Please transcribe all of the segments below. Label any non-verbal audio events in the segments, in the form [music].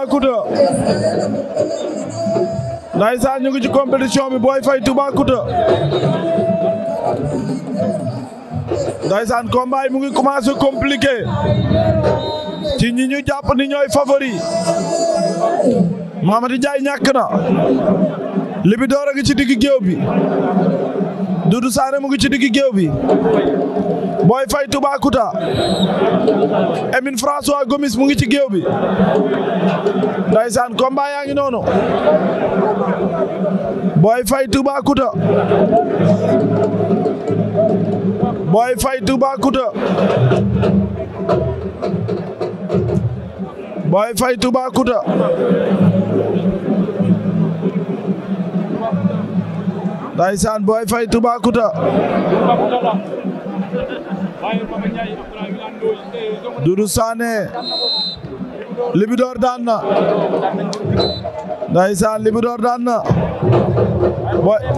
Toubacouta ndaysaan ñu ngi ci compétition bi booy Faye Toubacouta ndaysaan combat yi mu ngi commencé compliqué ci ñi ñu jàpp ni ñooy favori Mamadi Ndiaye ñàkk na Libidor a ngi ci digg géew bi Doudou Sané mu ngi ci digg géew bi Boy Faye Toubacouta Emine François Gomis mu ngi ci géew bi ndaysaan combat yaa ngi noonu booy Faye Toubacouta Boy Faye Toubacouta Boy Faye Toubacouta ndaysaan booy fay tubaakuta Doudou Sané Libidor daan na ndaysaan Libidor daan na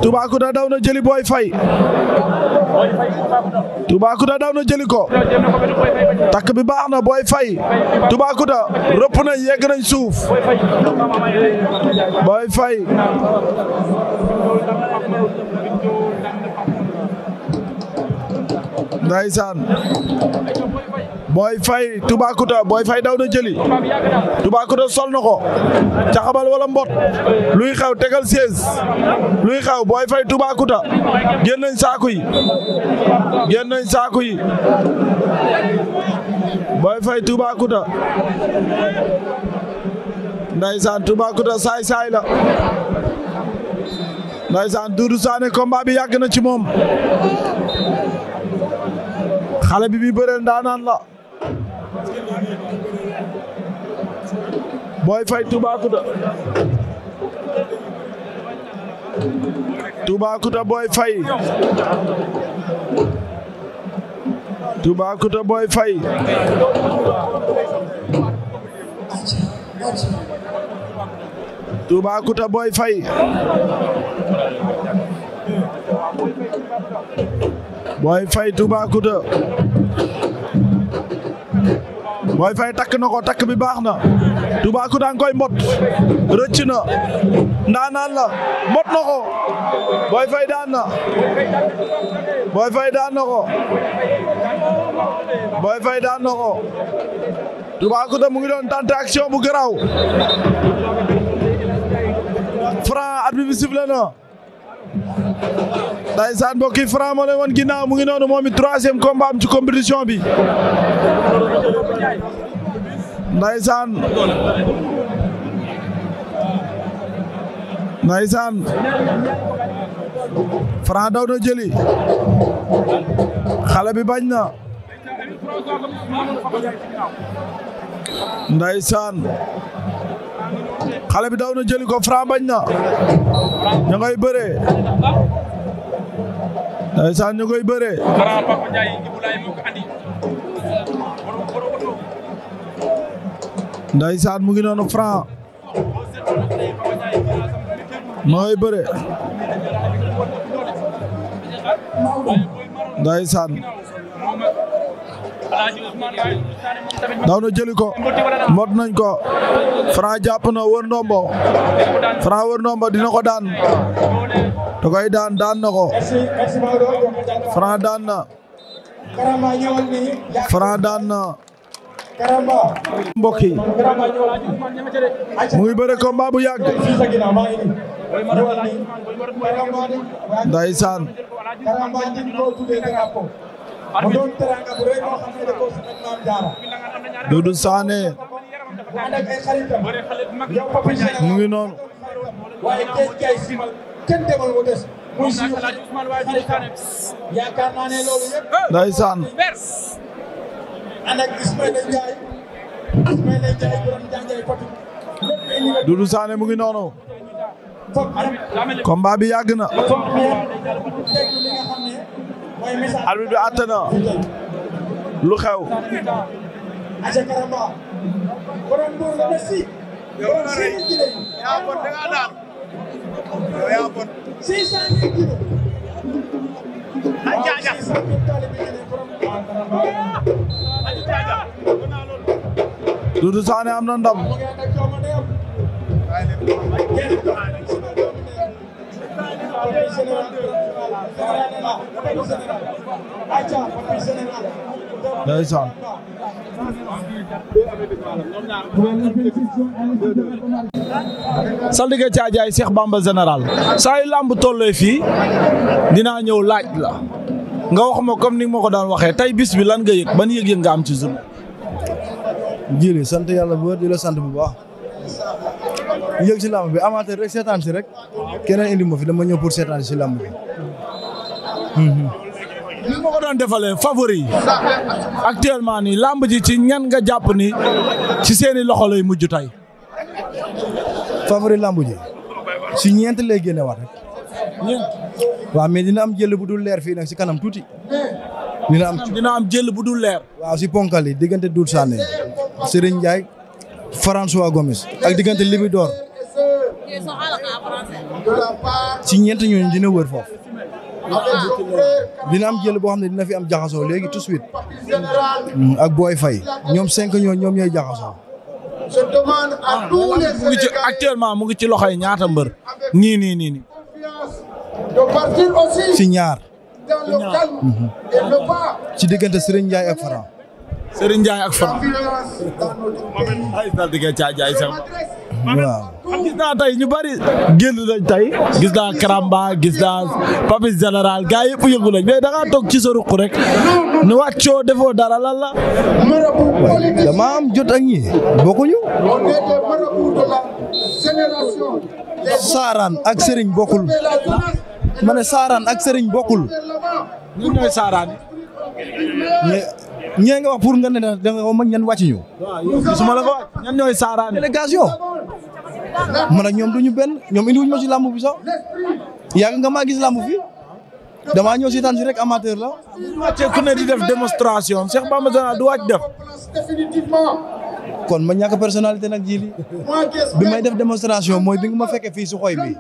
Toubacouta daw na jëli Boy Faye Toubacouta daw na jëli ko takk bi baax na Boy Faye Toubacouta rëpp nañ yegg na suuf Boy Faye ndaysaan booy fay Toubacouta booy fay daw na jëli Toubacouta sol na caxabal wala mbot luy xaw tegal siège luy xaw booy fay Toubacouta génn nañ saaku yi génn nañ saaku yi booy fay Toubacouta ndaysaan Toubacouta saay saay la ndaysaan Doudou Sané combat bi yàgg na ci moom xale bi bi bëreel ndaanaan la Boy Faye Toubacouta Toubacouta Boy Faye Toubacouta Boy Faye Toubacouta Boy Faye Boy Faye Toubacouta Boy Faye takk na ko takk bi baax na Toubacouta nga koy mbot rëcc na ndaanaan la mbot na ko Boy Faye daan na daan na ko Boy daan na ko mu ngi doon tenter bu garaaw Franc arbitre bi na ndaysaan mbokk yi Franc moo leen woon ginnaaw mu ngi noonu moom it troisième combat am ci compétition bi ndaysaan ndaysaan Franc daw na jëli bi bañ na ndaysaan xale bi daw na jëli ko Franc bañ na ñu ngay bëree ndeysaan ñu ngay bëree ndeysaan mu ngi noonu Franc mu ngay day ndeysaan daw na jëli ko mot nañ ko Franc jàpp na wër ndombo Franc wër ndombo dina ko daan da koy daan daan na ko Franc daan na Franc daan na mbokk yi mu ngi bëre bu yàgg mu doon mu ngi noonu. waaye Kees mu ngi noonu. combat bi yàgg na. arbitre bi àtte na lu xew Doudou Sané am na ndam papay général ndeysaan sa liggéey seex Cheikh Bamba général saa yu làmb tollee fii dinaa ñëw laaj la nga wax ma comme ni ma ko daan waxee tey bis bi lan nga yëg ban yëg-yëg nga am ci journée. jërëjëf sant yàlla bu wér di la sant bu baax. yëg si làmb bi amateur rek seetaan si rek keneen indi ma fi dama ñëw pour seetaan si làmb bi. ni ma ko doon defalee favori actuellement nii làmb ji ci ñan nga jàpp ni ci seeni loxo lay mujj tey. favori làmb ji si ñeent lay génneewaat rek. ñeent. waaw mais dina am jël bu du leer fii na si kanam tuuti. dina am dina am jël bu du leer. waa si ponkal diggante du Sané Serigne Ndiaye. François Gomis ak diggante Libidor ci ñeent ñooñu dina wër foofu. dina am jël boo xam ne dina fi am jaxasoo léegi tout de suite mm, ak Boy Faye ñoom cinq ñooñu ñoom ñooy jaxaso mu ngi ci actuellement mu ngi ci loxoy ñaata mbër. nii nii nii nii. ñaar. Mm-hmm. ci diggante Serigne Ndiaye ak Franc. Serigne Ndiaye ak Franc. ay daal ñu bari génn nañ tey gis naa Karamba gis naa Papis général gars yëpp yëngu nañ mais da ngaa toog ci sa ruq rek nu wàccoo defoo dara lan la. jot ak ñi bokkuñu. ak Serigne bokkul. ma ne Saaraan ak Serigne bokkul. ñun ñooy Saaraan. ñee nga wax pour nga ne da nga mag ñan wàcc ñu. gisuma la ko wàcc ñan ñooy saaraan ma man ak ñoom ñu benn ñoom indiwuñu ma si làmb bi sax yàgg nga maa gis làmb fi damaa ñëw seetaan si rek amateur la. wàccee ku ne di def démonstration Cheikh Bamba Diagne du wàcc def. kon ma ñàkk personnalité nag jii bi may def démonstration mooy bi nga ma fekkee fii si xoy bi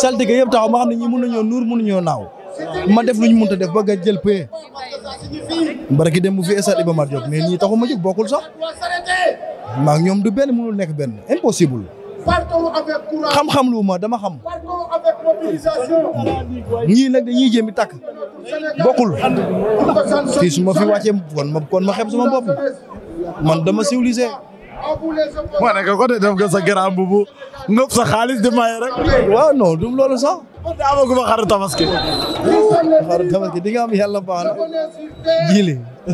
saltige yëpp taxaw ma xam ne ñii mun nañoo nuur mun nañoo naaw. ma def lu ñu mënta def ba nga jël paie. barki dem bu fi Esat Iba Mar Diop mais ñii taxu ma jóg bokkul sax maa ñoom du benn mënul nekk benn impossible. xam-xam lu ma dama xam. ñii nag dañuy jéem takk bokkul. fii su ma fi wàccee kon ma kon ma xeeb sama bopp man dama civilisé. ma ne ko ko de def nga sa garaam bu bu sa xaalis di maye rek. waaw non du loolu sax. man daa amagu ma xaru tabaski. xaru tabaski di nga am yàlla baax na. jili. [laughs]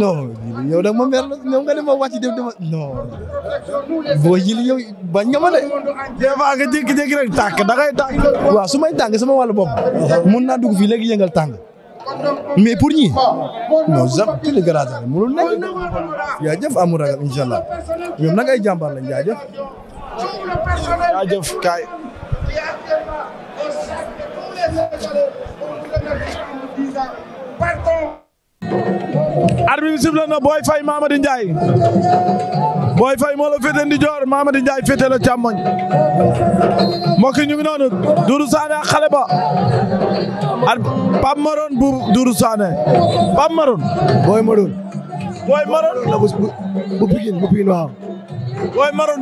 non yow nag ma mer ñoom nga ne ma wàcc dem dama non boo jili yow bañ nga ma de. des fois nga jékki-jékki rek tànk da ngay tànk. waaw su may tànk sama wàllu bopp. mun naa dugg fii léegi yëngal tànk. mais pour ñi non jamais tous les garages la mënul nekk jaajëf amul ragal incha allah ñoom nag ay jàmbaar lañ jaajëf. jaajëf kaay. na Boy Faye Mamady Ndiaye. Boy Faye moo la féete ndijoor Mamady Ndiaye féete la càmmoñ mbokk yi ñu ak xale ba ak ma Maroon bu Doudou Sané Pape Maroon Boy Maroon Boy bu Pikine bu Pikine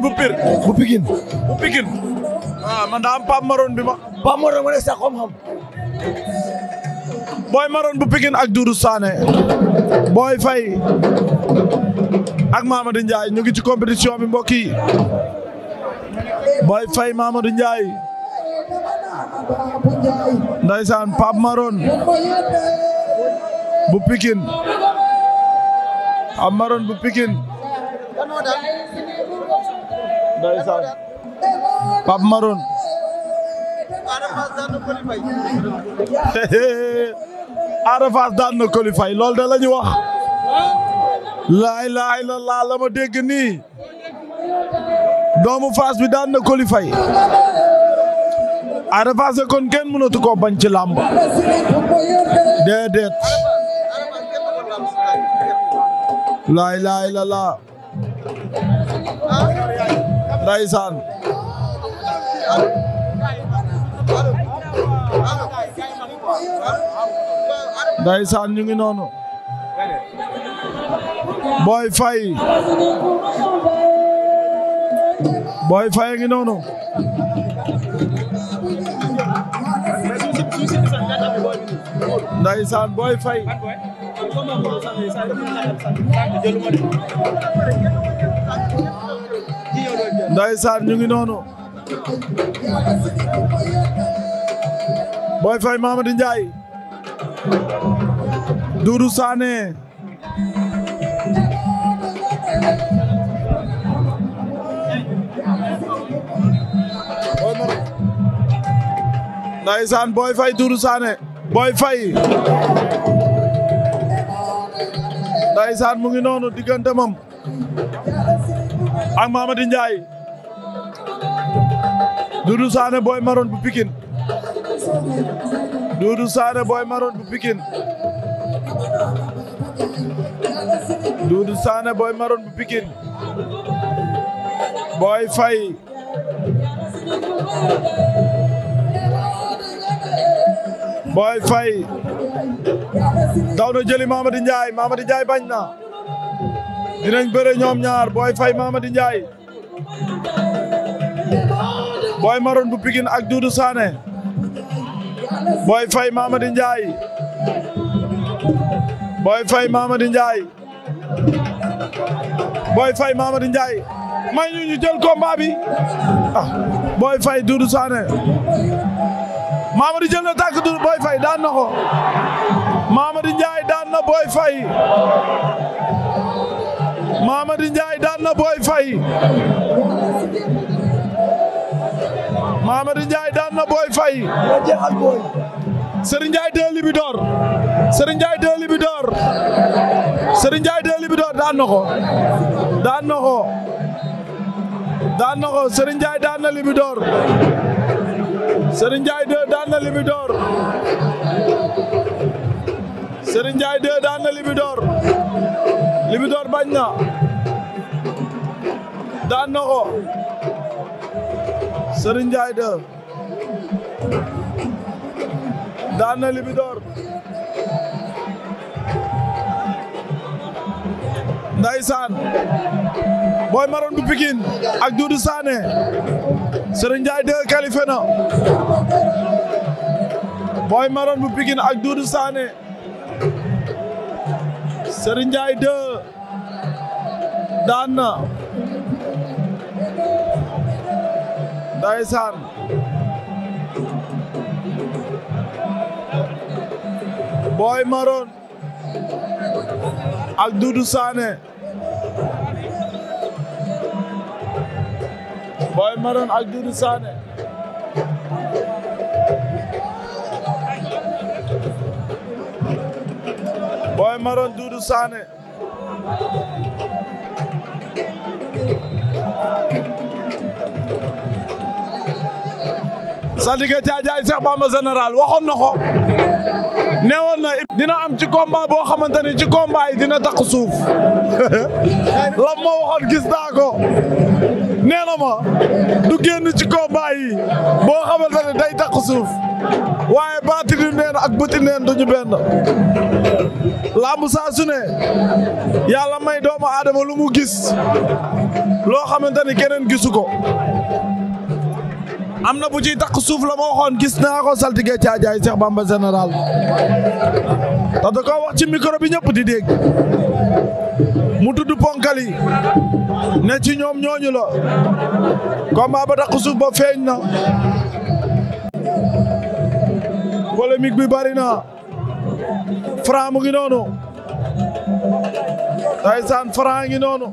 bu Pire bu Pikine bu Pikine ah man daa bi ma Pape Maroon ma ne sax xam-xam Boy Maroon ak Mamadou Ndiaye ñu ngi ci compétition bi mbokk yi Boy Faye Mamadou Ndiaye ndaysaan Pape Maron bu Pikine Pape Maron bu Pikine ndaysaan Pape Maron Ada [laughs] Fass daan na Coly Faye loolu de la ñu wax laa ilaaha illallaah la ma dégg nii doomu Fass bi daan na Coly Faye Ada Fass ne kon kenn mënatu koo bañ ci làmb déedéet laa ilaaha illallaah ndeysaan ndeysaan ñu ngi noonu Boy Faye Boy Faye ngi noonu ndaysaan Boy Faye ndaysaan ñu ngi noonu Boy Faye ndaysaan Boy Faye Doudou Sané Boy Faye ndaysaan mu ngi noonu diggante moom ak Mamadi Ndiaye Doudou Sané Boy Maroon bu Pikine Doudou Sané Boy Maroon bu Pikine Doudou Boy Faye daw na jëli Mamady Ndiaye Mamady Ndiaye bañ na dinañ bëre ñoom ñaar Boy Faye Mamady Ndiaye Boy Maroon bu Pikine ak Doudou Sané Boy Faye Mamady Ndiaye Boy Faye Mamady Ndiaye Boy Faye may ñu ñu jël combat bi ah Boy Faye Mamadou jël na tànk dur Boy Faye daan na ko Mamadou Ndiaye daan na Boy Faye Mamadou Ndiaye daan na daan na Boy Faye Serigne Ndiaye deux Libidor Serigne Ndiaye deux Libidor Serigne daan na daan na ko daan na Serigne Ndiaye 2 daan na Libidor Serigne Ndiaye 2 daan na Libidor Libidor bañ na daan na ko Serigne Ndiaye Libidor ndaysaan booy maroon bu Pikine ak Doudou Sané Serigne Ndiaye deux qualifié na booy maroon bu Pikine ak Doudou Sané Serigne Ndiaye deux daan na ndaysaan booy maroon ak Doudou Sané Boy Maron ak Doudou Sané Boy Maron Doudou Sané sa digga caajaay Cheikh Bamba général waxoon na ko neewoon na dina am ci combat boo xamante ni ci combat yi dina takk suuf [laughs] lam ma gis naa nee na du génn ci combat yi boo xamante day takk suuf waaye baatinu neen ak bëti neen duñu benn lamb saa su ne yàlla may doomu aadama lu mu gis loo xamante ni keneen gisu ko am na bu ci takk suuf la ma waxoon gis naa ko saltige caajaay Cheikh Bamba général tax da wax ci micro bi ñëpp di dégg mu tudd ponkali ne ci ñoom ñooñu la combat ba takk suuf ba feeñ na polémique bi bari na Franc mu ngi noonu ndeysaan Franc ngi noonu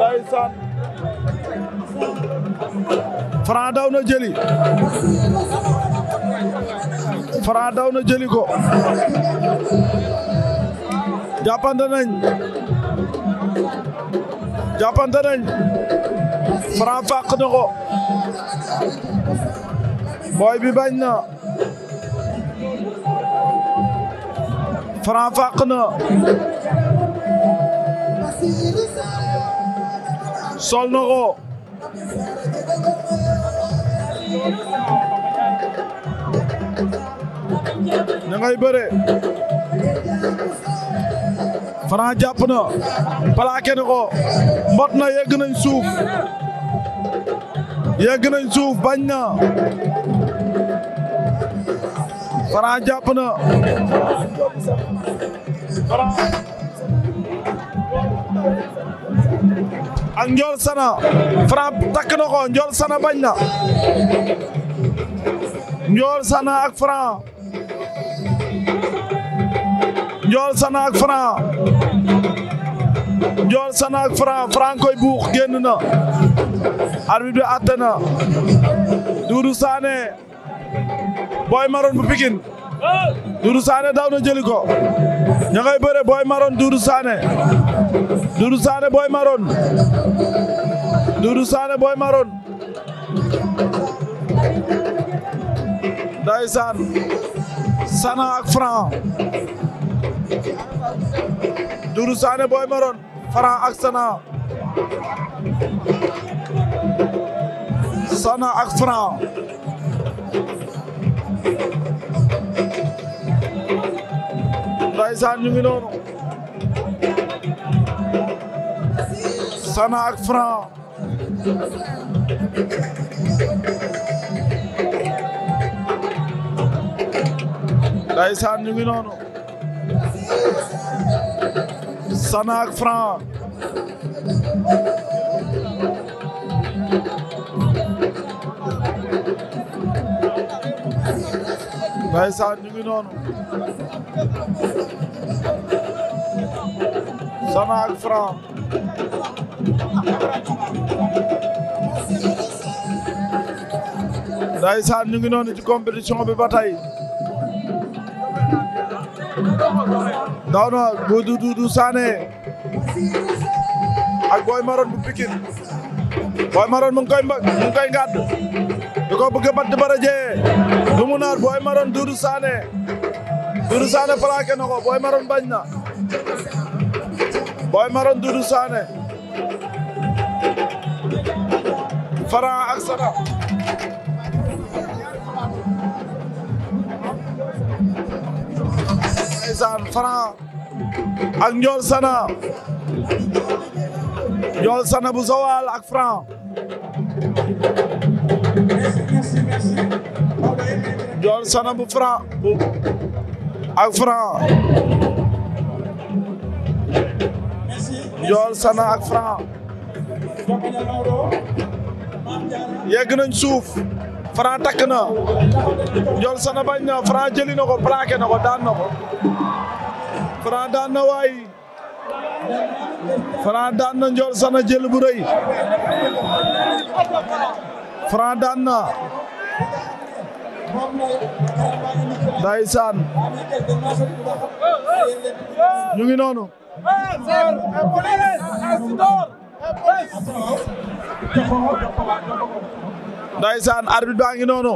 ndeysaan Franc daw na jëli Franc daw na jëli ko jàppante nañ jàppante nañ Franc fàq na ko booy bi bañ na Franc fàq na sol na ko ña ngay bëre Franc na plaqué na ko mbot na yegg nañ suuf yegg nañ suuf bañ na Franc jàpp na Franc ak Ndiol Sana Franc takk na ko Sana bañ na Ndiol Sana ak Franc Ndiol Sana ak Franc Ndiol koy buux génn na arbitre bi àtte na Doudou Sané Boy Maroon bu Pikine Doudou Sané daw na jëli ko ña ngay bëre Boy Maroon Doudou Sané Doudou Sané Boy Maroon Doudou Sané Boy Maroon ndeysaan Sana ak Franc Doudou Sané Boy Maroon Franc ak Sana Sana ak Franc ndeysaan ak Franc Ndeysaan ñu ngi noonu Sana ak ñu ngi Ndeysaan ñu ngi noonu ci compétition bi ba tey daw na bu du du Sané ak Boy Maroon bu Pikine Boy Maroon mu ngi koy mu ngi koy di ko bëgg a batt bara mu naar Boy Maroon Doudou Sané Doudou Sané plaqué na ko Boy Maroon bañ na Boy Maroon Doudou Sané Franc ak Sada ndeysaan Franc ak Ndiol Sana Ndiol Sana bu Zawal ak Franc Ndiol Sana bu Franc ak Franc yegg nañ suuf Franc takk na Ndiol Sana bañ na Franc jëli na ko plaqué daan na ko daan na waay Franc daan na Ndiol Sana jël bu rëy daan na ndeysaan ñu ngi noonu Ndeysaan arbitre baa ngi noonu.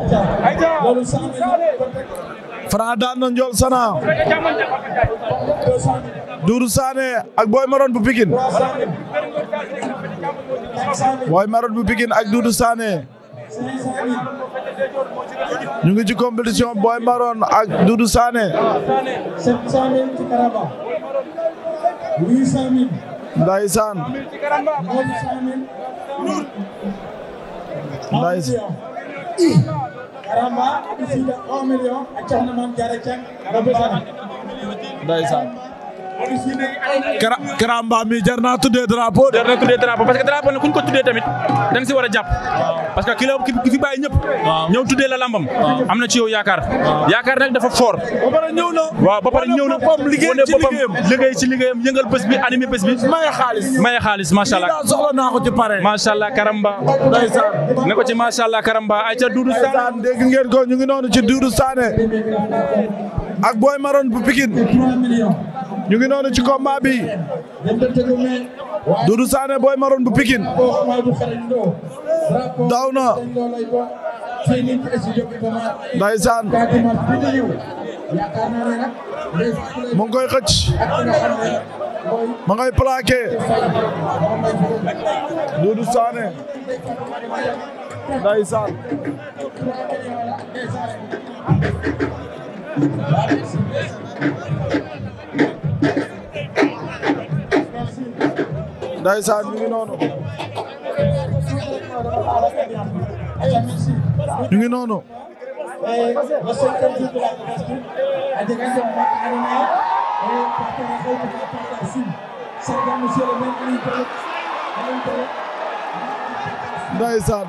Franc daan na Ndiol Sana. Doudou Sané ak Boy Maroon bu Pikine. ak Doudou Sané. ñu ngi ci compétition Boy Maroon ak Doudou Sané. Ndaysaan Ndaysaan Karamba abisida 1 million ak Soxna Mame Diarra Dieng Ndaysaan Kara Karamba mi jar naa tuddee drapeau. jar naa tuddee drapeau parce que drapeau nag ku ñu ko tuddee tamit dañ si war a jàpp. parce que ki la ki fi bàyyi ñëpp. ñëw tuddee la lambam. am na ci yow yaakaar. yaakaar nag dafa fort. ba pare ñëw na. waaw ba pare ñëw na boppam liggéey ci liggéeyam liggéey ci liggéeyam yëngal bés bi animé bés bi. maye xaalis maye xaalis macha allah. lii soxla naa ko ci pare. macha Karamba. ndeysaan ko ci macha allah Karamba ay ca Doudou Sané. dégg ngeen ko ñu ngi noonu ci Doudou Sané ak Boy Maron bu Pikine ñu ngi noonu ci combat bi Doudou Sané Boy Maroon bu Pikine daw na ndaysaan mu koy xëcc ma ngay plaqué Doudou Sané ndaysaan Ndeysaan ñu ngi noonu ñu ngi noonu Ndeysaan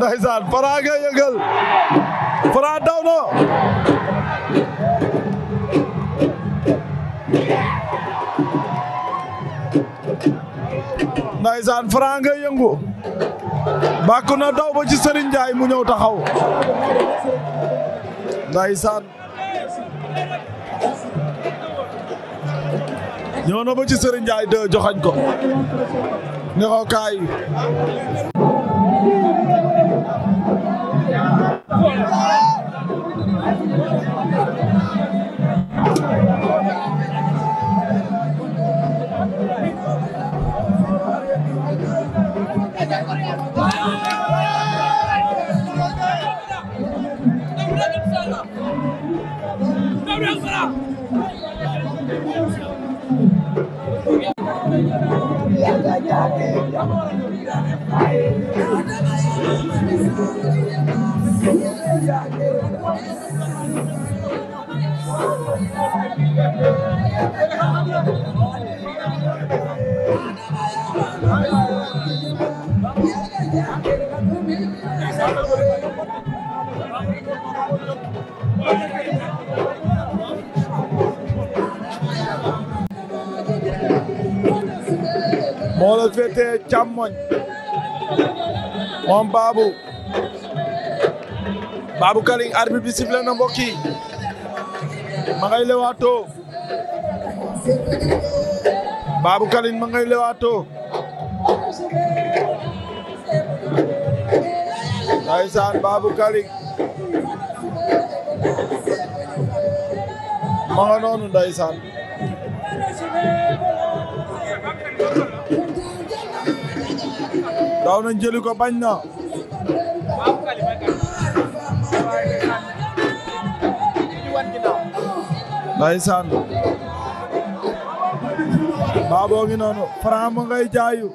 ndeysaan Fara nga yëngal Fara daw na nga yëngu bàkk na daw ba ci mu ñëw taxaw ndeysaan ñëw na ba ci Serigne Ndiaye de joxañ ko ne ko Gabriel Sala! càmmoñ moom Babou Babou Kaling arbitre bi sifflé na mbokk yi Kaling ma ngay lewaatoo ndeysaan Kaling ma nga daw na jëli ko bañ na ndeysaan baaboo ngi noonu Franc mu ngay jaayu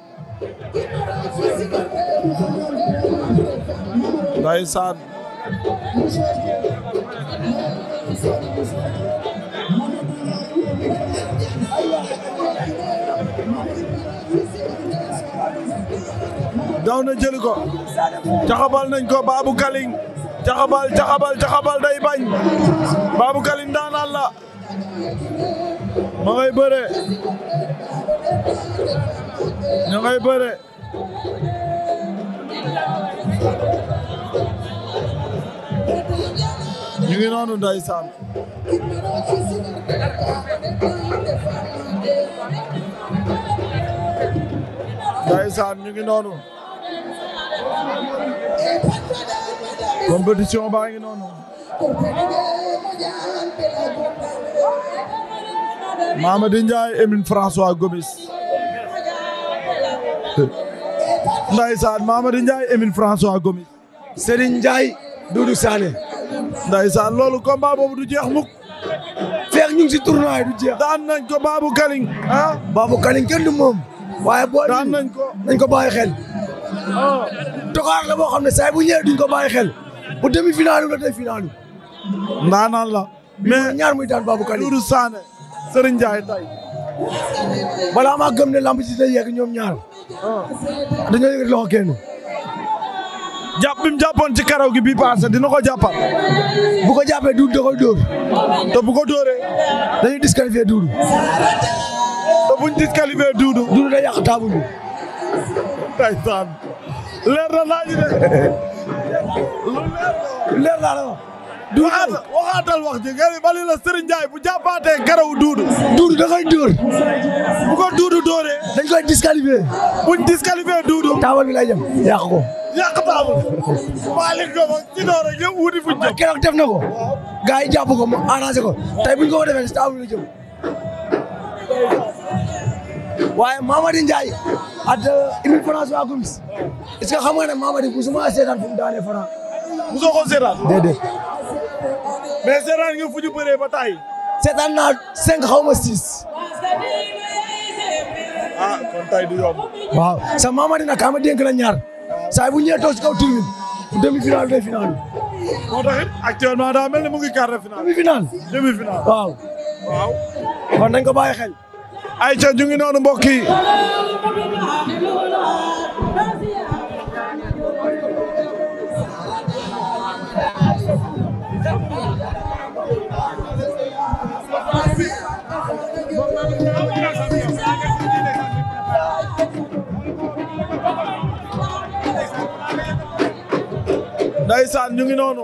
ndeysaan daw na jëli ko caxabal nañ ko Babou Kaling caxabal caxabal caxabal day bañ Babou Kaling daanaan la ma bëre ña bëre ñu ngi noonu ndeysaan ndeysaan ñu ngi noonu compétition baa ngi noonu Mamady Ndiaye Emine François Gomis ndaysaan Mamady Ndiaye Emine François Gomis Serigne Ndiaye Doudou Sané ndaysaan loolu combat boobu du jeex mukk feex ñu ngi si tournoi du jeex daan nañ ko Babou Kaling ah Babou Kaling kenn du moom waaye boo daan nañ ko nañ xel doxaar la boo xam ne saa bu ñëwee duñ ko bàyyi bu demi finaalu la tey finaalu ndaanaan la mais ñaar muy daan Babou Kalim Doudou Sané Serigne Ndiaye tay balaa maa gëm ne lamb ci day yegg ñoom ñaar dañoo yëg loxo kenn jàpp bi mu jàppoon ci karaw gi bii passé dina ko jàppal bu ko jàppee Doudou da koy dóor te bu ko dóoree dañuy disqualifier Doudou te buñ taabu bi tay saan leer na laaj de lu leer na la waxaatal waxaatal wax ji ngeen bali la Serigne Ndiaye bu jàppaatee garawu duudu. duudu da koy dóor. bu ko duudu dóoree. dañ koy disqualifié. buñ disqualifié duudu. taabal bi lay jëm yàq ko. yàq taabal. Malick Diop ak ci door ak yëpp wuti fuñ jëm. keroog def na ko. gars yi jàpp ko mu arrangé ko. tey buñ ko ko defee taabal bi la jëm. waaye Mamady Ndiaye at Ibou François Gomis est-ce que xam nga ne Mamady musuma seetaan fu mu daane Franc. ko seetaan. déedéet. mais seetaan nga fu ñu ba taay. seetaan naa cinq xaw ma six. ah kon tay sa Mamady nag ama dénk la ñaar saa bu ñëwee toog si kaw tur bi demi-finale day finale. daa mel ni mu ngi quart waaw. waaw kon nañ ko bàyyi ay ca ñu ngi noonu mbokk yi Ndeysaan ñu ngi noonu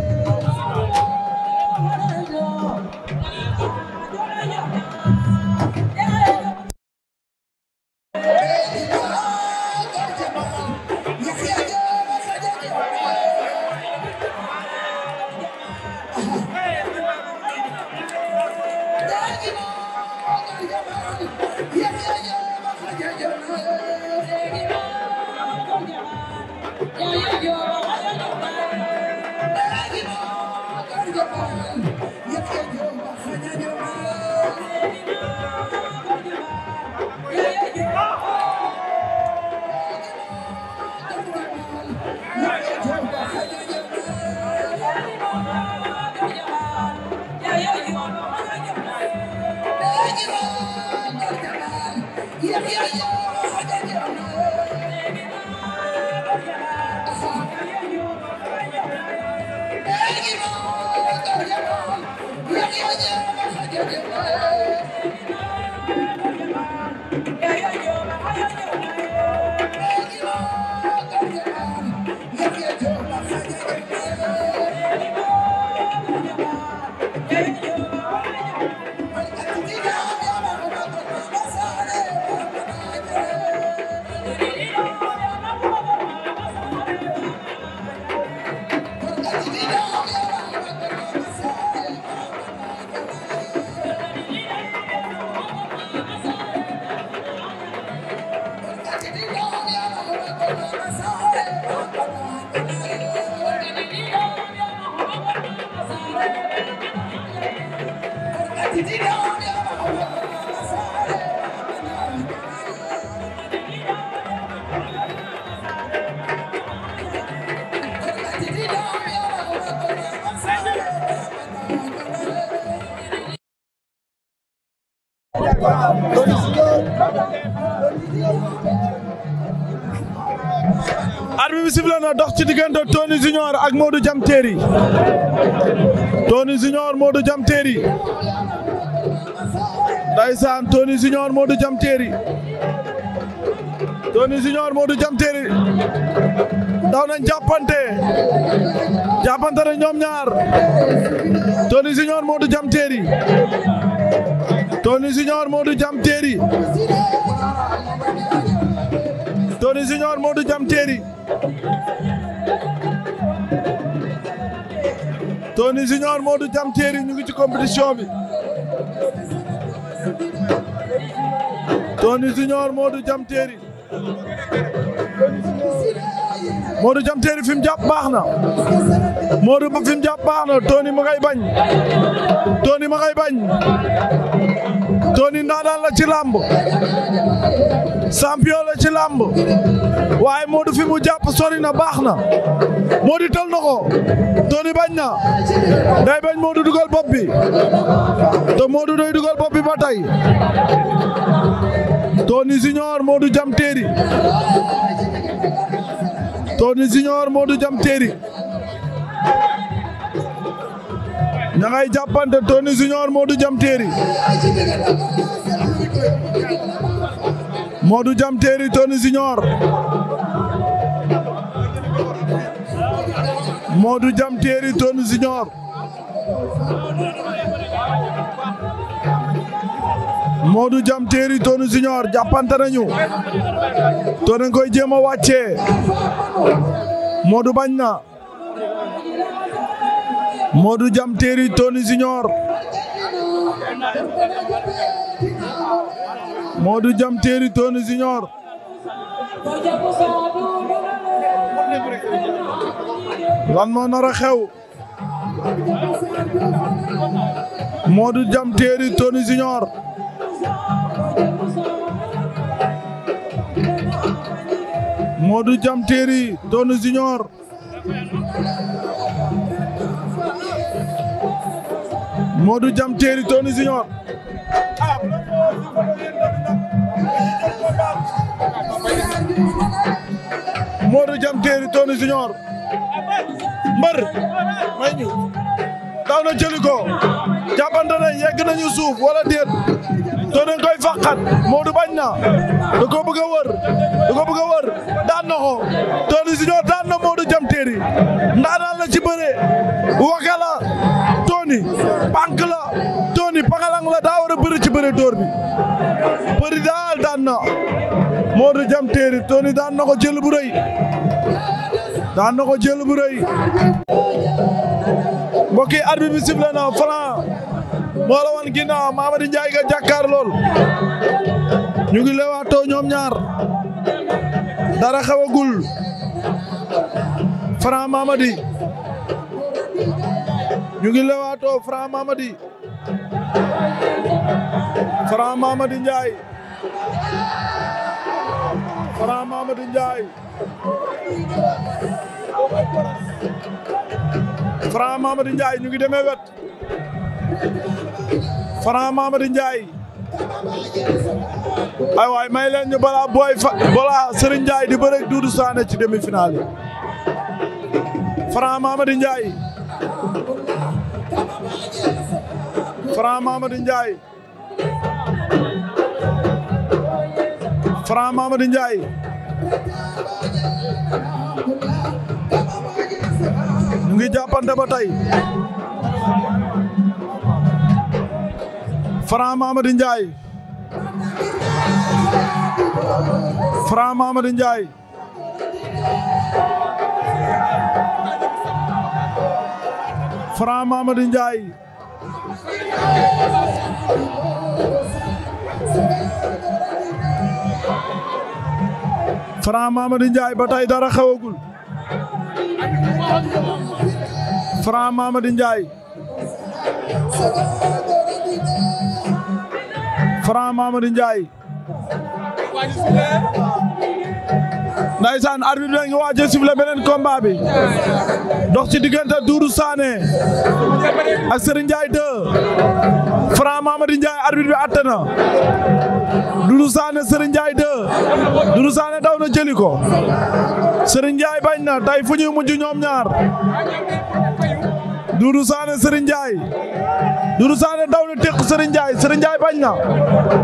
España. dox ci diggante Tony Junior ak Modou Jam Terry Tony Junior Modou Jam Terry ndaysaan Tony Junior Modou Jam Terry Tony Junior Modou Jam Terry daw nañ jàppante jàppante na ñoom ñaar Tony Junior Modou Jam Terry Tony Junior Modou Jam Terry Tony Junior Modou Jam Terry Tony Junior Modou Jam Téeri ñu ngi ci compétition bi Tony Junior Modou Jam Téeri Modou Jam Téeri fi mu jàpp baax na Modou fi mu jàpp baax na Tony ma ngay bañ Tony ma ngay bañ Tony ndaanaan la ci làmb champion la ci làmb waaye Modou fi mu jàpp sori na baax na Modou tël na ko Tony bañ na day bañ Modou dugal bopp bi te Modou day dugal bopp bi ba tey Tony Junior Modou jam teeri Tony Junior jam teeri ña ngay jàppante Tony Junior Modou jam teeri Modou Jam Téeri Tony Junior Modou Jam Téeri Tony Junior Modou Jam Téeri Tony Junior jàppante nañu Tony koy jéem a wàccee Modou bañ na Modou Jam Téeri Tony Junior Modou Jam Téeri Tony Junior lan moo nar a xew Modou Jam Téeri Tony Junior Modou Diam Terry Tony Junior mbër may ñu daw na jëli ko jàppante ne yegg nañu suuf wala déet to dañ koy faqat Modou bañ na da ko a wër daan na ko Tony Junior daan na Modou jam téeri ndaanaan la ci bëre waka la Tony pànk la Tony pangalang la daa war a bëri ci bëre dóor daal daan na Modou jam téeri Tony daan na ko jël bu daan na ko jël bu mbokk yi arbitre bi sifflé na Franc moo la wan ginnaaw Mamady Ndiaye lool ñu ngi leewaatoo ñoom ñaar dara xewagul Franc Mamady ñu ngi leewaatoo Franc Mamady Franc Mamady Ndiaye Franc Mamady Ndiaye Franc Mamady Ndiaye ñu ngi demee wet Franc Mamady Ndiaye ay waay may leen ñu balaa booy balaa Serigne Ndiaye di bëreeg Doudou Sané ci demi-finale yi Franc Mamady Ndiaye ngi jàppante ba tey Franc Mamady Ndiaye Franc Mamady Ndiaye Franc Mamady Ndiaye Franc Mamady Ndiaye dara xewagul Franc Mamady Ndiaye Franc Mamady Ndiaye ndaysaan arbitre bi ngi waaj a beneen combat dox ci diggante Doudou Sané ak Serigne Ndiaye 2 Franc Mamady Ndiaye arbitre bi atte na Doudou Sané Serigne Ndiaye 2 Doudou daw na jëli ko Serigne bañ na tay fu ñuy mujj ñoom ñaar Doudou Sané Serigne Ndiaye Doudou Sané daw na teq Serigne Ndiaye Serigne Ndiaye bañ na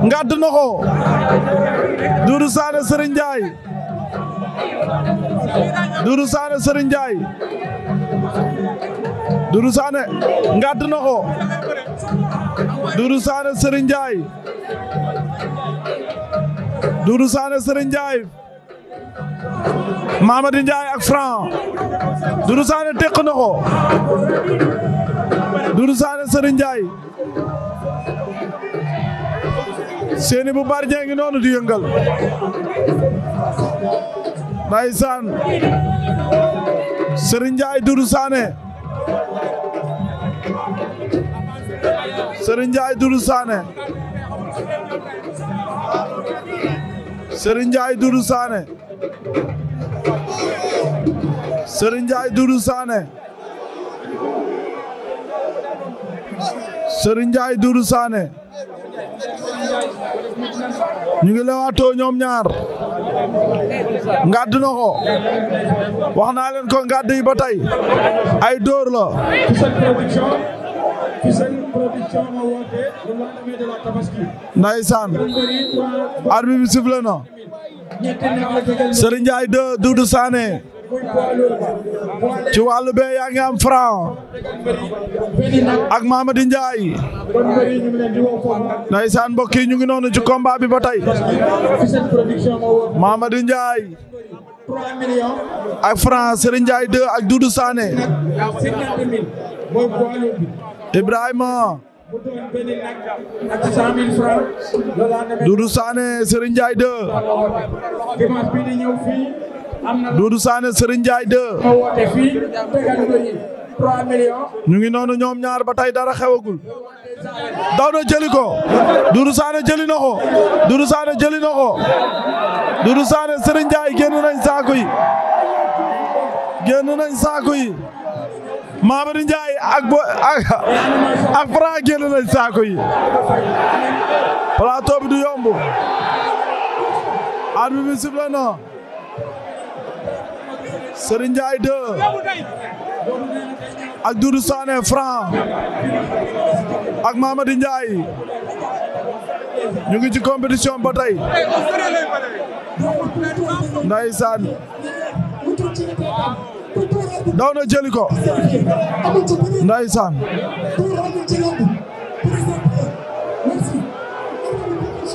ngàdd na ko Doudou Sané Serigne Ndiaye Doudou Sané Serigne njaay Doudou Sané ngàdd na ko Doudou Sané Serigne Ndiaye Doudou Sané Serigne Ndiaye Mamadi Ndiaye ak Franc Doudou Sané teq na ko Doudou Sané Serigne seeni bu barjee ngi noonu di yëngal ndeysaan Serigne Ndiaye Doudou Sané Serigne Ndiaye saane Sané Serigne Ndiaye Doudou Sané saane Ndiaye Doudou Sané ñu ngi lewaatoo ñoom ñaar ngàdd na ko wax naa leen ko ngàdd yi ba tey ay dóor la ndaysaan arbi bi sifle na Serigne Ndiaye 2 Doudou Sané ci wàllu bee yaa ngi am Franc ak Mamadi Ndiaye ndaysaan mbokk yi ñu ngi noonu ci combat bi ba tey Mamadi Ndiaye ak Franc Serigne Ndiaye ak Doudou Sané Ibrahima Doudou Sané Serigne Ndiaye Doudou Sané Serigne Ndiaye 2 ñu ngi noonu ñoom ñaar ba tey dara xewagul daw na jëli ko Doudou Sané jëli na ko Doudou Sané jëli na ko Doudou Sané Serigne Ndiaye génn nañ saako yi génn nañ saako yi Mamadou Ndiaye ak bo ak ak Franc nañ saako yi plateau du yomb arbitre bi sifflé na Serigne Ndiaye 2 ak Doudou Sané Franc ak Mamadi Ndiaye ñu ngi ci compétition ba tey ndeysaan daw na jëli ko ndeysaan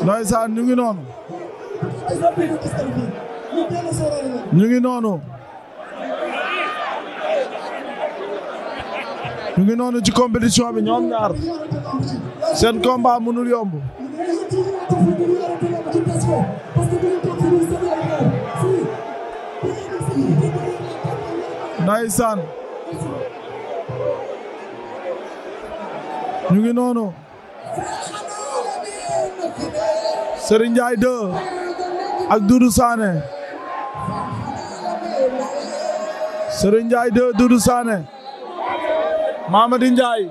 ndeysaan ñu ngi noonu ñu ngi noonu ñu ngi noonu ci compétition bi ñoom ñaar seen combat mënul yomb. Ndeysaan ñu ngi noonu Serigne Ndiaye 2 ak Doudou Sané Serigne Ndiaye 2 Doudou Sané Mamady Ndiaye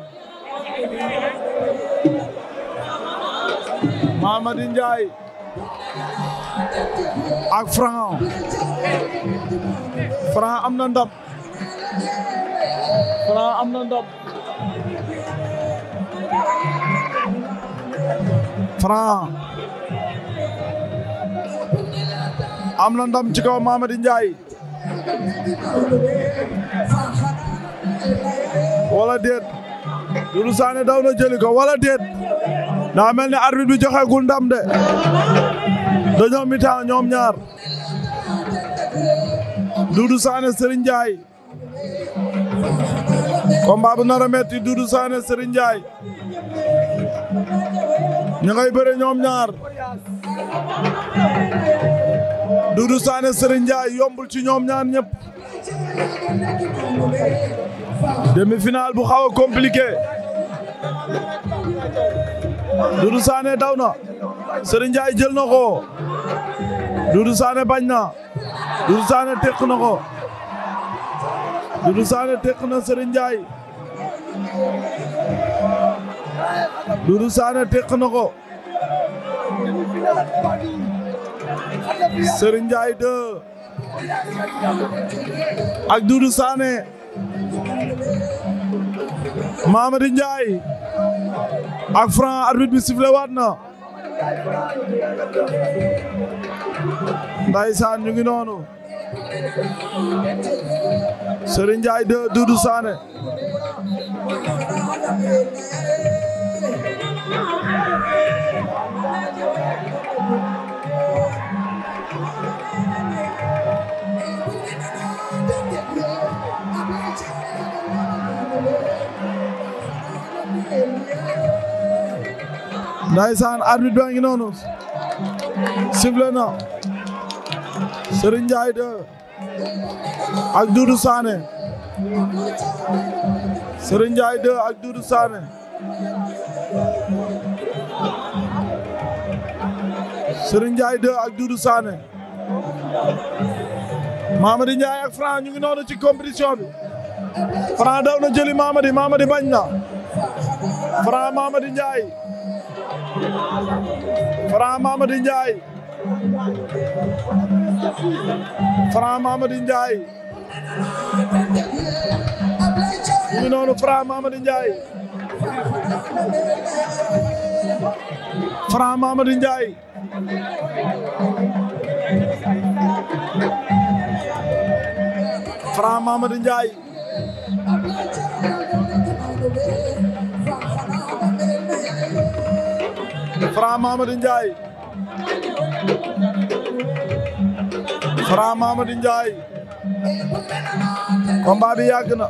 Mamady Ndiaye ak Franc am na ndam am na ndam am na ndam ci kaw Mamady Ndiaye wala déet Doudou saane daw na jëli ko wala déet daa mel ni arbitre bi joxe gu ndam de dañoo mitaa ñoom ñaar Doudou Sané Serigne Ndiaye combat bu nar a metti Doudou Sané Serigne Ndiaye ñu ngay bëre ñoom ñaar Doudou Sané Serigne Ndiaye yombul ci ñoom ñaar ñëpp demi bu xaw a compliqué Doudou Sané daw na Serigne jël na ko Doudou Sané bañ na Doudou Sané tekk na ko Doudou Sané tekk na Serigne Ndiaye Doudou Sané tekk na ko Serigne ak Doudou Sané Mamady Ndiaye ak Franc arbitre bi sifflé waat na ndaysaan ñu ngi noonu Serigne Ndiaye de Doudou Sané ndaysaan arbitre baa ngi noonu sifflé na Serigne Ndiaye 2 ak Doudou Sané Serigne Ndiaye 2 ak Doudou Sané Serigne Ndiaye 2 ak Doudou Sané Mamadi noonu ci compétition bi Franc na jëli Mamadi Mamadi bañ na Franc Mamadi Ndiaye Franc Mamady Ndiaye Franc Mamady Ndiaye mu ngi noonu Franc Mamadou Ndiaye Franc Mamadou Ndiaye combat bi yàgg na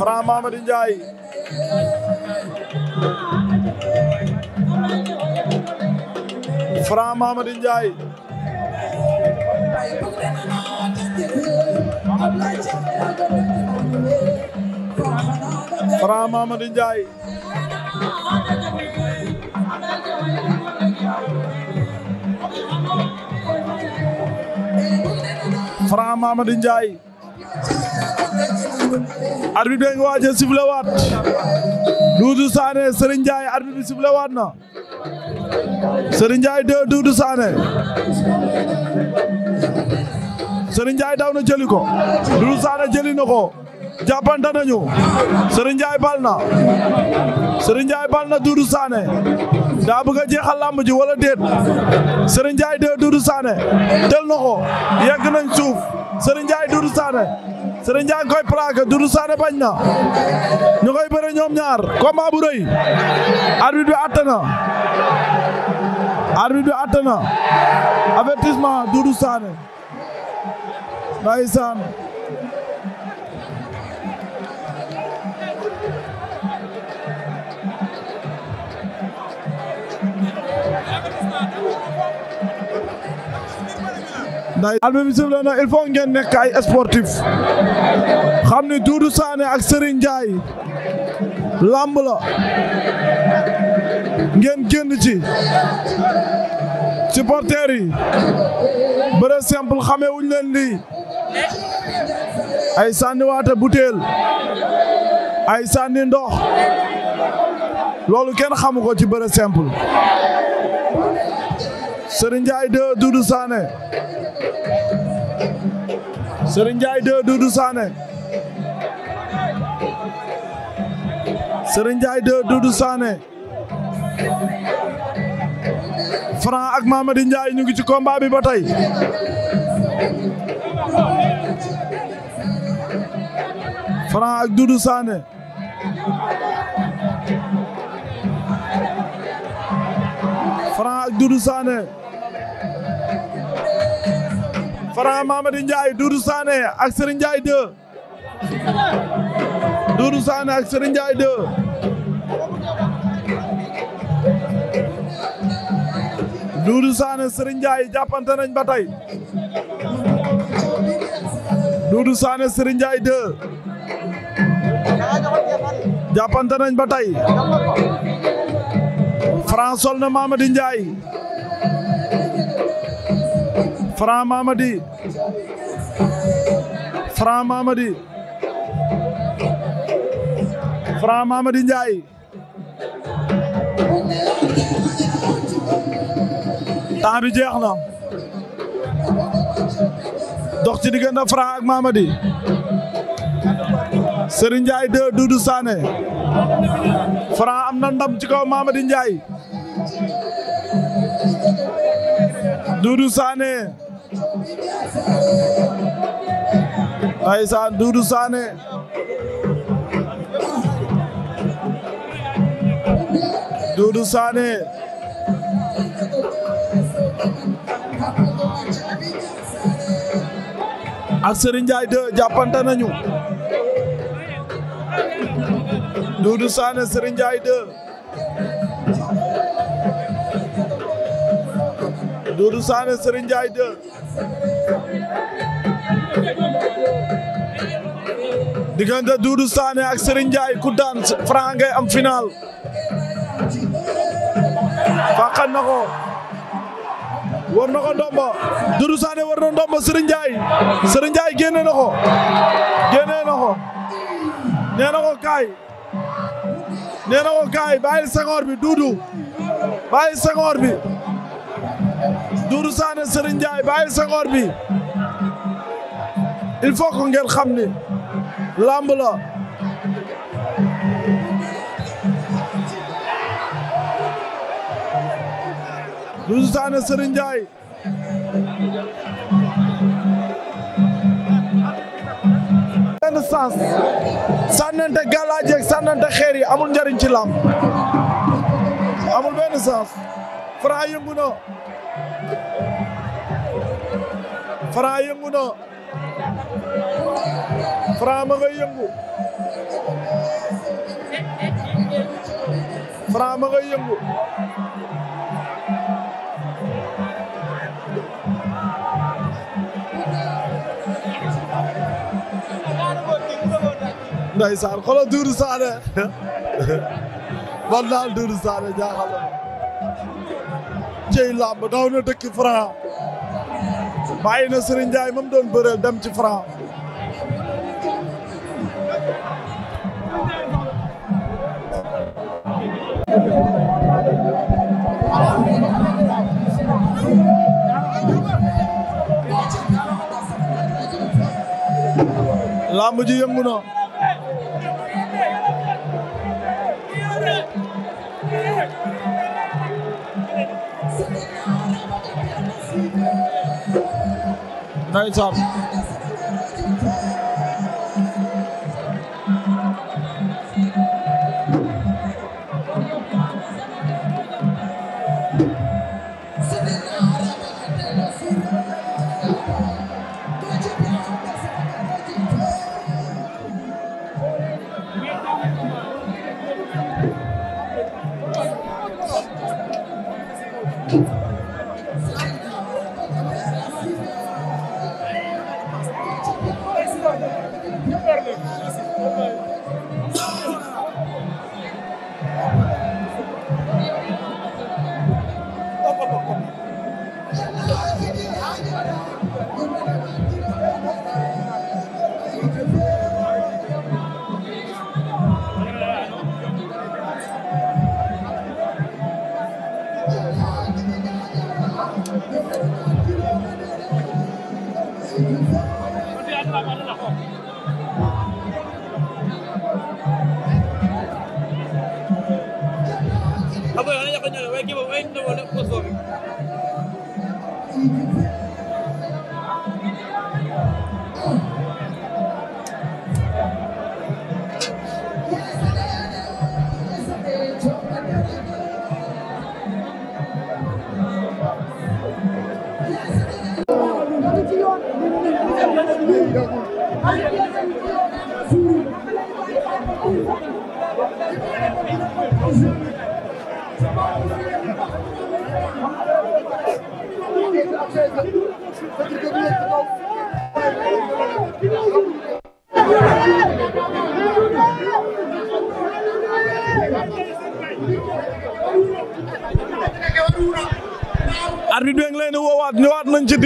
Franc Mamadou Franc Mamady Ndiaye arbitre bi nga waaje sifflé waat Doudou Sané Serigne Ndiaye bi sifflé na Serigne Ndiaye de Doudou Sané Serigne Ndiaye daw na jëli ko Doudou Sané jëli na ko jàppante nañu Serigne Ndiaye bal daa bëgg a jeexal làmb ji wala déet Serigne Ndiaye de Doudou tel na ko nañ suuf Serigne Ndiaye Doudou Sané Serigne Ndiaye koy plaqué Doudou Sané bañ na ñu koy bëre ñoom ñaar combat bu rëy arbitre bi atte na arbitre bi atte na avertissement Doudou Sané ndeysaan album bi sifle na il faut ngeen nekk ay sportif xam ni Doudou Sané ak Serigne Ndiaye lamb la ngeen génn ci supporters yi bëre simple xamee wuñ leen lii ay sànniwaate butéel ay sànni ndox loolu kenn xamu ko ci bëre simple Serigne Ndiaye 2 Doudou Sané Serigne Ndiaye 2 Doudou Sané Serigne Ndiaye 2 Doudou Sané ak Mamady Ndiaye ñu ngi ci combat bi ba tey Franc ak Doudou Sané Franc ak Doudou Sané Franc Mamady Ndiaye Doudou Sané ak Serigne Ndiaye 2. Doudou ak Serigne Ndiaye 2. Doudou Sané Serigne Ndiaye jàppante nañ ba tey. Doudou Sané Serigne Ndiaye nañ ba tey. Franc Franc Mamady Franc Mamady Franc Mamady Ndiaye temps jeex na dox ci diggante Franc ak Mamady Serigne Ndiaye de Doudou Sané Franc am na ndam ci kaw Mamady Ndiaye Doudou Sané Ndeysaan Doudou Sané Doudou Sané ak Serigne Ndiaye 2 jàppante nañu Doudou saane Serigne Ndiaye 2 Doudou Sané Serigne Ndiaye 2 diggante Doudou ak Serigne ku daan Franc ngay am final faqan na ko war na ko ndomba Doudou Sané war na génne na génne na ko nee na ko kaay nee bi Doudou bàyyi sengoor bi Doudou Sané Serigne Ndiaye bàyyi sangoor bi il faut que ngeen xam ni làmb la Doudou Sané Serigne Ndiaye benn sens sànnante gàllaajeeg sànnante xeer yi amul njariñ ci làmb amul benn sens Franc Franc yëngu na Franc ma ngay yëngu Franc ma ngay yëngu ndeysaan daal Doudou [laughs] Sané jaaxal cey làmb daw na dëkki Franc bàyyi na Serigne Ndiaye moom doon bëreel dem ci Franc làmb ji yëngu na ndeysaan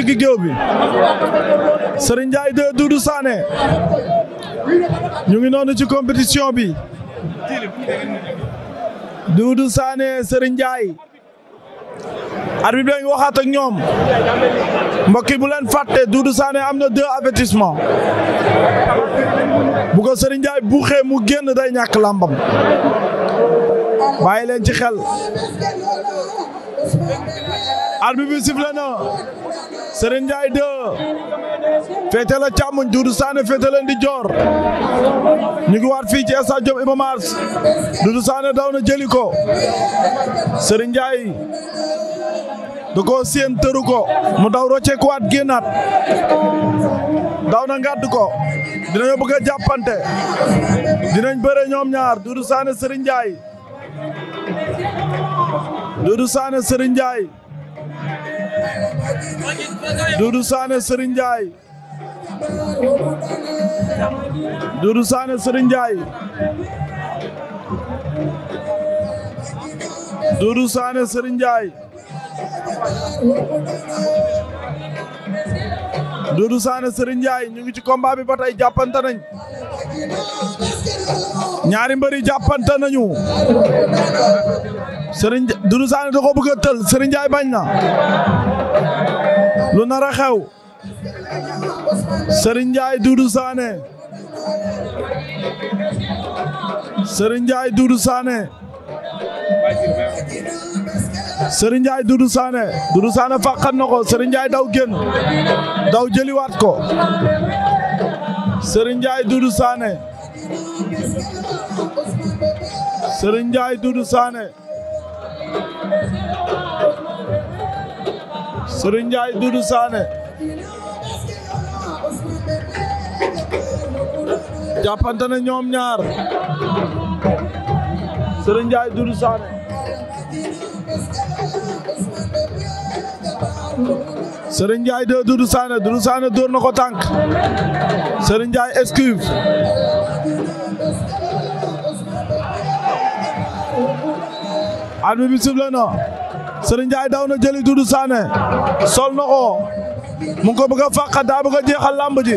digg géew bi Serigne Ndiaye de Doudou ñu ngi noonu ci compétition bi Doudou saane Serigne Ndiaye arbitre bi ngi waxaat ak ñoom mbokki bu leen fàtte Doudou Sané am na deux avertissement bu ko Serigne Ndiaye buuxee mu génn day ñàkk làmbam bàyyi leen ci xel arbitre bi sifle na Serigne Ndiaye 2 féete la càmmuñ Doudou Sané féete la ndijoor ñu ngi waat fii ci stade Diop Iba Mar Doudou Sané daw na jëli ko Serigne Ndiaye da koo séen tëru mu daw rocceekuwaat génnaat daw na ngàdd ko dinañu bëgg a jàppante dinañ bëre ñoom ñaar Doudou saane Serigne Ndiaye Doudou saane Serigne Ndiaye Doudou Sané Serigne Ndiaye Doudou Sané Serigne Ndiaye Doudou Sané Serigne Ndiaye Doudou saane Serigne ñu ngi ci combat bi ba tey jàppante nañ ñaari mbëri jàppante nañu Serigne Doudou Sané da bëgg a tël Serigne Ndiaye bañ na lu nar a xew Serigne Ndiaye Doudou Sané Serigne Ndiaye Doudou Sané Serigne Ndiaye Doudou Sané Doudou Sané fàqan ko Serigne daw génn daw jëliwaat ko Serigne Ndiaye Doudou Sané Serigne Ndiaye Doudou Sané ñoom ñaar Serigne Ndiaye Doudou Sané Serigne Ndiaye de Doudou Sané Doudou Sané dóor na ko tànk Serigne bi sifflé na Serigne Ndiaye daw na jëli Doudou Sané sol na mu ngi ko bëgg a fàqat daa bëgg a jeexal lamb ji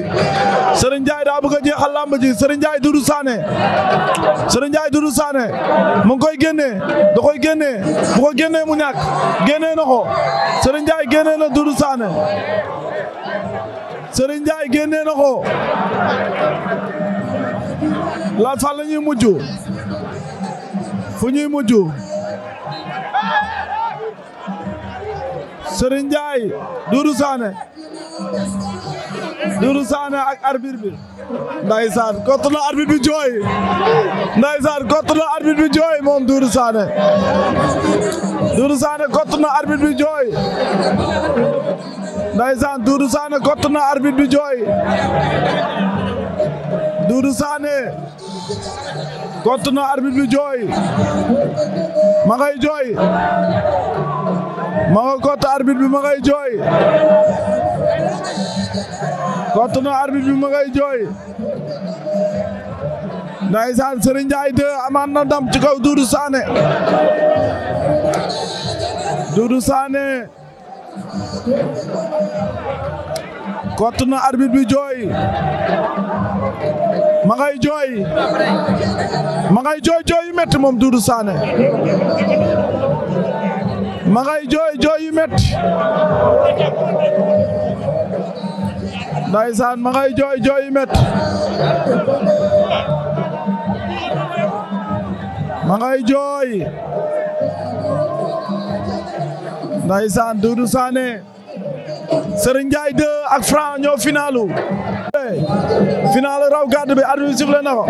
Serigne Ndiaye daa bëgg ji Serigne Ndiaye Doudou Sané Serigne Ndiaye Doudou Sané mu koy génnee da koy génnee bu génnee mu ñàkk génnee na ko Serigne Ndiaye génnee na Doudou Sané Serigne Ndiaye génnee na ko lan fan la ñuy mujj fu ñuy mujj Doudou Sané ak arbitre bi ndeysaan kott na arbitre bi jooy na arbitre bi jooy moom Doudou Sané Doudou Sané kott na arbitre jooy ndeysaan Doudou Sané kott na arbitre jooy Doudou jooy ma nga kott arbitre bi ma ngay jooy kott na arbitre bi ma ngay jooy ndaysaan Serigne Ndiaye 2 amaat na ndam ci kaw Doudou Sané Doudou Sané kott na arbitre bi jooy ma ngay jooy ma ngay jooy jooy metti moom Doudou Sané ma ngay jooy jooy yu metti ndaysaan ma jooy jooy yu metti ma ngay jooy ndaysaan Doudou Sané sër Ndiaye 2 ak Franc ñoo finalu final raw gàddu bi arbitre bi sifflé na ko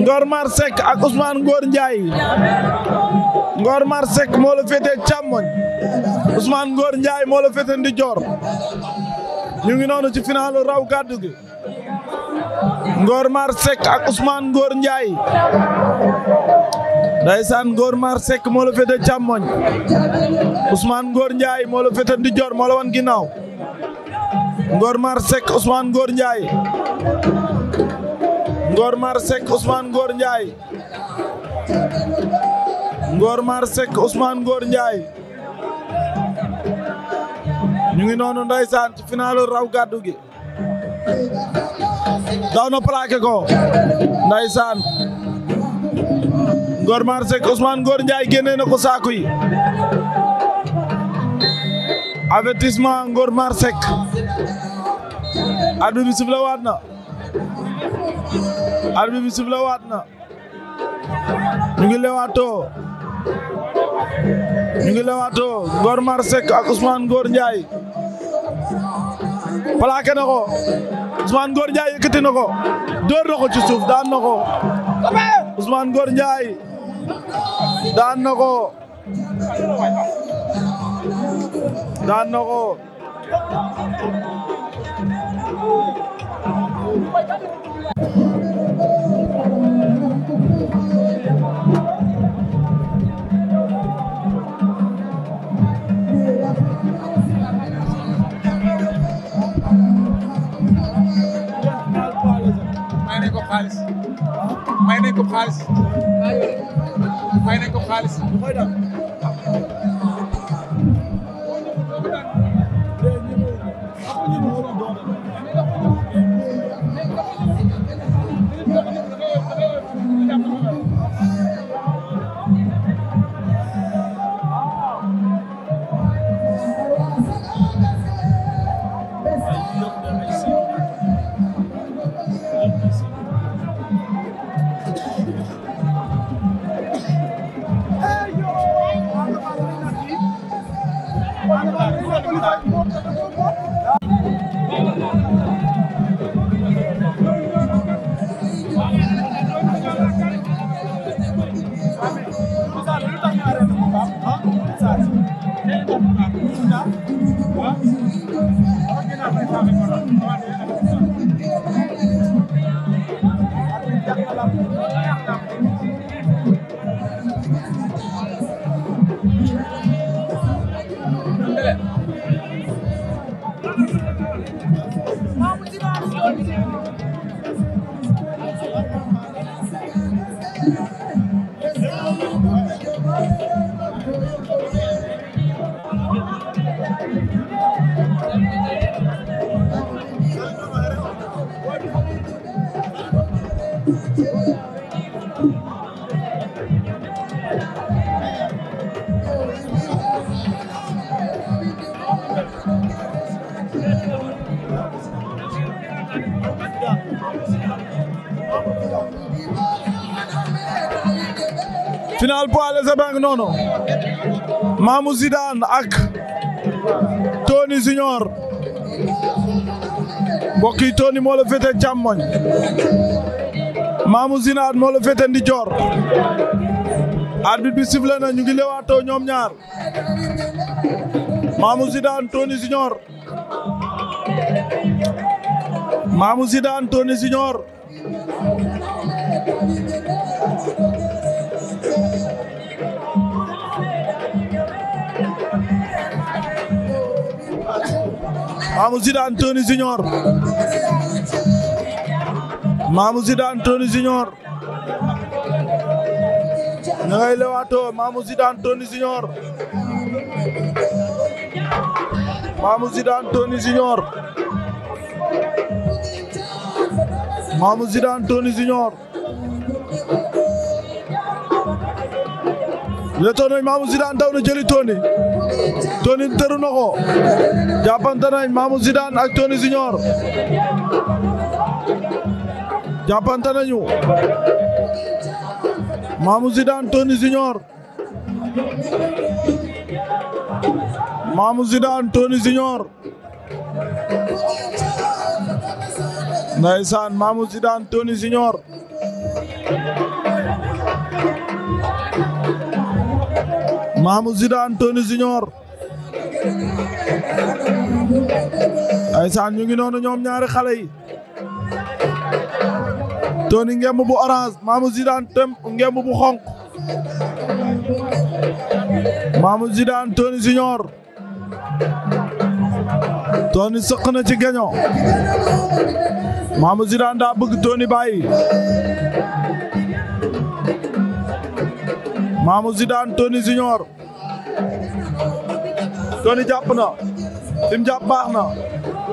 Ngor Mar sek ak usmaan ngoor Ndiaye ngoor Mar Seck moo la féetee càmmoñ ngoor Ngor Ndiaye moo la féetee ndijoor ñu ngi noonu ci finalu raw gàddu gi Ngor Mar Seck ak Ousmane Ngor Ndiaye ndaysaan ngoor Mar Seck moo la féete càmmoñ Ousmane Ngor Ndiaye moo la féete ndijoor wan ginnaaw Ngor Mar Seck Ousmane Ngor Ndiaye Ngor Mar Seck Ousmane Ngor Ndiaye Mar Seck Ousmane Ngor Ndiaye ñu ngi noonu nday ci finalu raw gàddu gi daw na plaqué ko ndaysaan Ngor Maar Seck Ousmane Ngor Ndiaye génne na ko saaku yi avertissement Ngor Maar Seck arbitre bi sifflé waat na arbitre bi na ñu ngi lewaatoo ñu ngi lewaatoo Ngor Maar ak Ousmane Ngor Ndiaye plaqué na ko Ousmane Ngor Ndiaye yëkkati na ko dóor na ko ci daan na ko Ousmane Ngor Ndiaye daan na ko daan na ko may nañ ko xaalis. affiche baa ngi noonu Mamou Zidane ak Tony Junior mbokk yi Tony moo la féete càmmoñ Mamou Zidane moo ndijoor arbitre bi sifflé na ñu ngi lewaatoo ñoom ñaar Mamou Zidane Tony Junior Mamou Zidane Tony Junior Mamou Zidane Tony Junior ña ngay lewaatoo Mamou Zidane Tony Junior Mamou Zidane Tony Junior Mamou Zidane Tony Junior le Tony Mamou Zidane daw na jëli Tony Tony tëru na ko jàppante nañ ak Tony Junior jàppante nañu Mamou Zidane Tony Junior Mamou Zidane Tony Junior Ndeysaan Mamou Ndeysaan ñu ngi noonu ñoom ñaari xale yi Tony ngemb bu orange Mamou Zidane tem ngemb bu xonq Mamou Zidane Tony Junior Tony sëq na ci geño Mamou Zidane daa bëgg Tony bàyyi Mamou Zidane Tony Junior Sony jàpp na fi mu jàpp baax na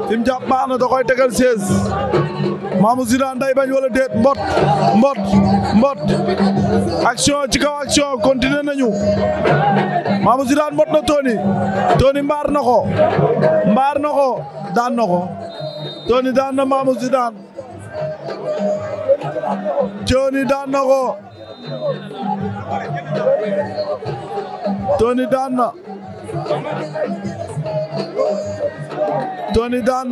fi mu jàpp na da koy tegal seize Mamou Zidane day bañ wala déet mbot mbot mbot action ci kaw action continuer nañu Mamou Zidane mbot na Tony Tony mbaar na ko mbaar na ko daan na ko Tony daan na Mamou Zidane Tony daan na ko Tony daan na Tony daan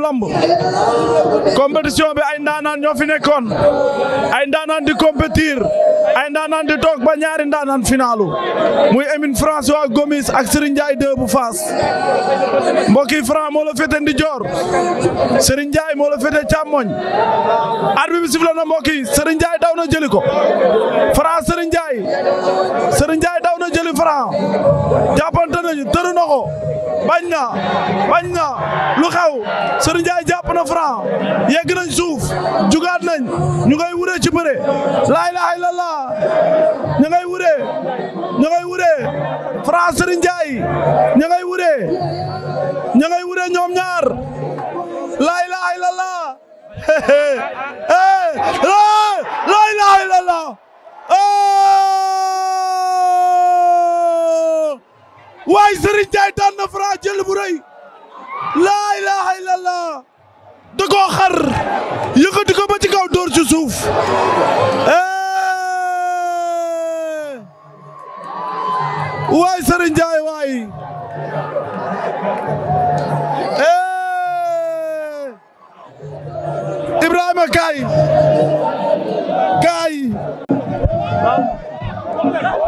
sunu lamb compétition bi ay ndaanaan ñoo fi nekkoon ay ndaanaan di compétir ay ndaanaan di toog ba ñaari ndaanaan finalu muy Emine François Gomis ak Serigne Ndiaye 2 bu Faas mbokk yi Franc féete ndijoor Serigne Ndiaye moo la féete càmmoñ arbitre bi sifle na mbokk yi Serigne daw na jëli ko Franc Serigne Ndiaye Serigne nañu tëru na ko bañ na bañ na lu xew Serigne Ndiaye jàpp na Franc yegg nañ suuf jugaat nañ ñu ngay wuree ci bëre laa ilaaha illallaah ñu ngay wuree ñu ngay wuree Franc Serigne Ndiaye ñu ngay wuree ñaar laa ilaaha illallaah laa [laughs] eh, eh, ilaaha waay Serigne Ndiaye daan na Franc jël bu rëy laa ilaha illallah da koo xar yëkkati ba ci kaw dóor ci suuf eh. waay Serigne Ndiaye waay eh. Ibrahima kaay kaay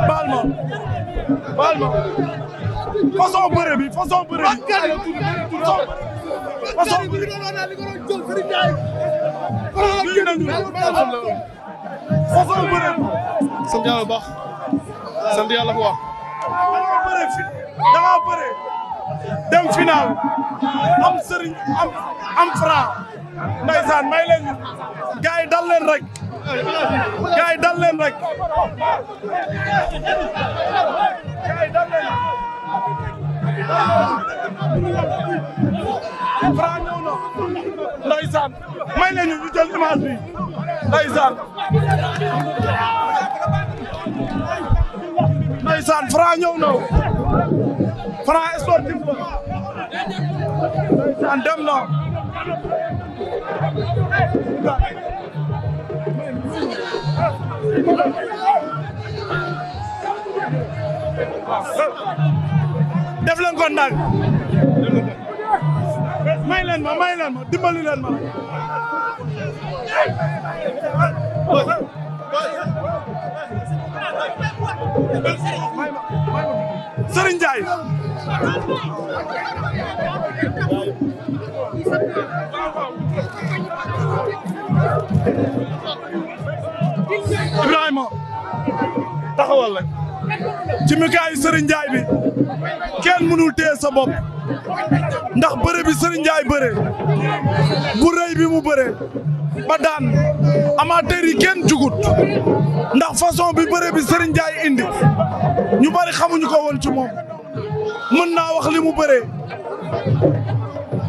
baal ma baal ma façon bëre bi façon bëre bi façon bëre bi sant yàlla baax sant yàlla bu baax danga am sëriñ am am fra ndeysaan may leen gars yi dal leen rek gars Franc ñëw na ndeysaan may lañu ñu jël image bi ndeysaan ndeysaan Franc ñëw na Franc sportif ba ndeysaan dem na def leen ko ndànk may leen ma may leen ma dimbali leen ma. Serigne Ndiaye. Ibrahima taxawal la ci mikaayu Serigne Ndiaye bi. kenn mënul téye sa bopp ndax bëre bi Serigne Ndiaye bi mu bëre ba daan amateur yi kenn jugut ndax façon bi bëre bi Serigne indi ñu bari xamuñu ko woon ci moom mën naa wax li mu bëree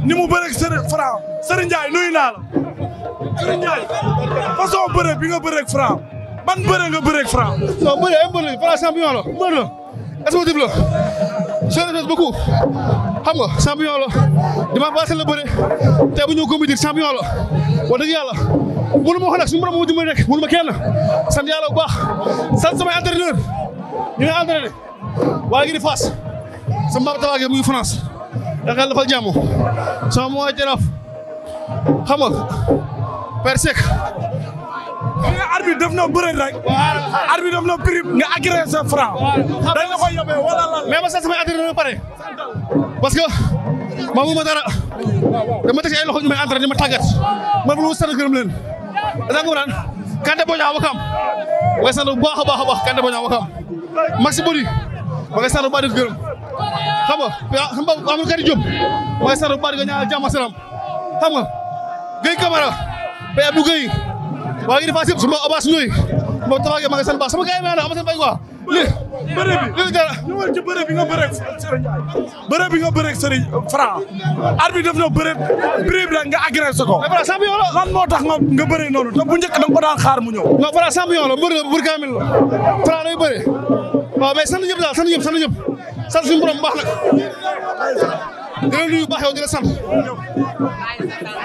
ni mu bëreeg Serigne Franc Serigne Ndiaye nuyu naa la Serigne Ndiaye façon bëre bi nga bëreeg Franc ban bëre nga bëreeg Franc. soo ay mbër la Franc champion sportif la je respecte beaucoup xam nga champion la dimanche passé la bëre tey bu ñu compétir champion la wax dëgg yàlla mënu ma wax nag suñu borom moo dimbali rek mënu ma kenn sant yàlla bu baax sant samay entraîneur ñu ngi entraîné waa ngi di Fass sama mbaa tawaage mu ngi France yaakaar dafa jàmm sama mooy jaraaf xam nga Persek xam nga arbitre daf na bëre rek. arbitre daf na nga agressé Franc. dañ la koy yóbbee wala ma sax parce que maa mu ma dara dama teg ay loxo ñu may entraîné ma tàggat man ma sant gërëm leen. da nga ko naan Kante Boña ma koy sant bu baax a baax a baax Kante ma koy sant bu baax di gërëm xam nga ah, xam ma koy sant bu baax di ko ñaanal jàmm ak salaam xam nga Guèye waa ngi di Fass yëpp su ma Abass Ndoye ma Tafa Gueye ma nga sama gars yi ma ne am seen bi li li dara nga bëre ak Serigne bëre bi nga bëre ak Serigne Franc arbitre def na bëre bëre bi nga agressé ko. mais Franc champion la lan moo tax nga nga bëre noonu te bu njëkk da ko daan xaar mu ñëw. non Franc champion la mbër la mbër kaamil la Franc day bëre na mais sant ñëpp daal sant ñëpp sant ñëpp sant suñu borom baax nag di la nuyu baax yow di la sant.